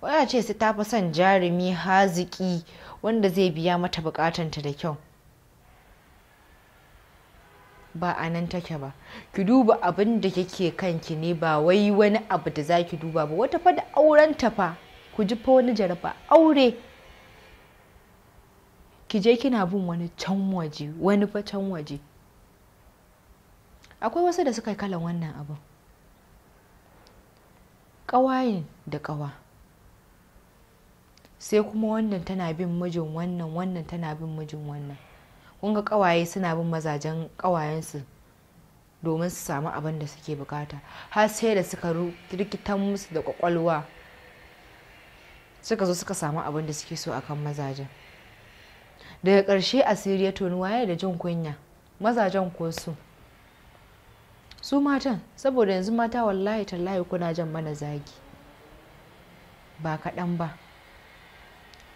wadda ce sai ta fi son jarumi haziki wanda zai biya mata bukatanta da kyau ba a nan take ba ki duba abin da kike kanki ne ba wai wani abu da za ki duba ba wata fa da aurenta fa ku ji fa wani jaraba aure ki je kina bin wani can waje wani fa can waje akwai wasu da suka yi kalan wannan abu ƙawayen da ƙawa sai kuma wannan tana bin mijin wannan wannan tana bin mijin wannan kun ga kawaye suna bin mazajen kawayensu domin su samu abin da suke bukata har sai da suka rikitan musu da kwakwalwa suka zo suka samu abin da suke so akan mazajen daga ƙarshe asiri ya toni waye da jin kunya mazajen ko su su matan saboda yanzu mata wallahi tallahi kuna jan mana zagi ba kaɗan ba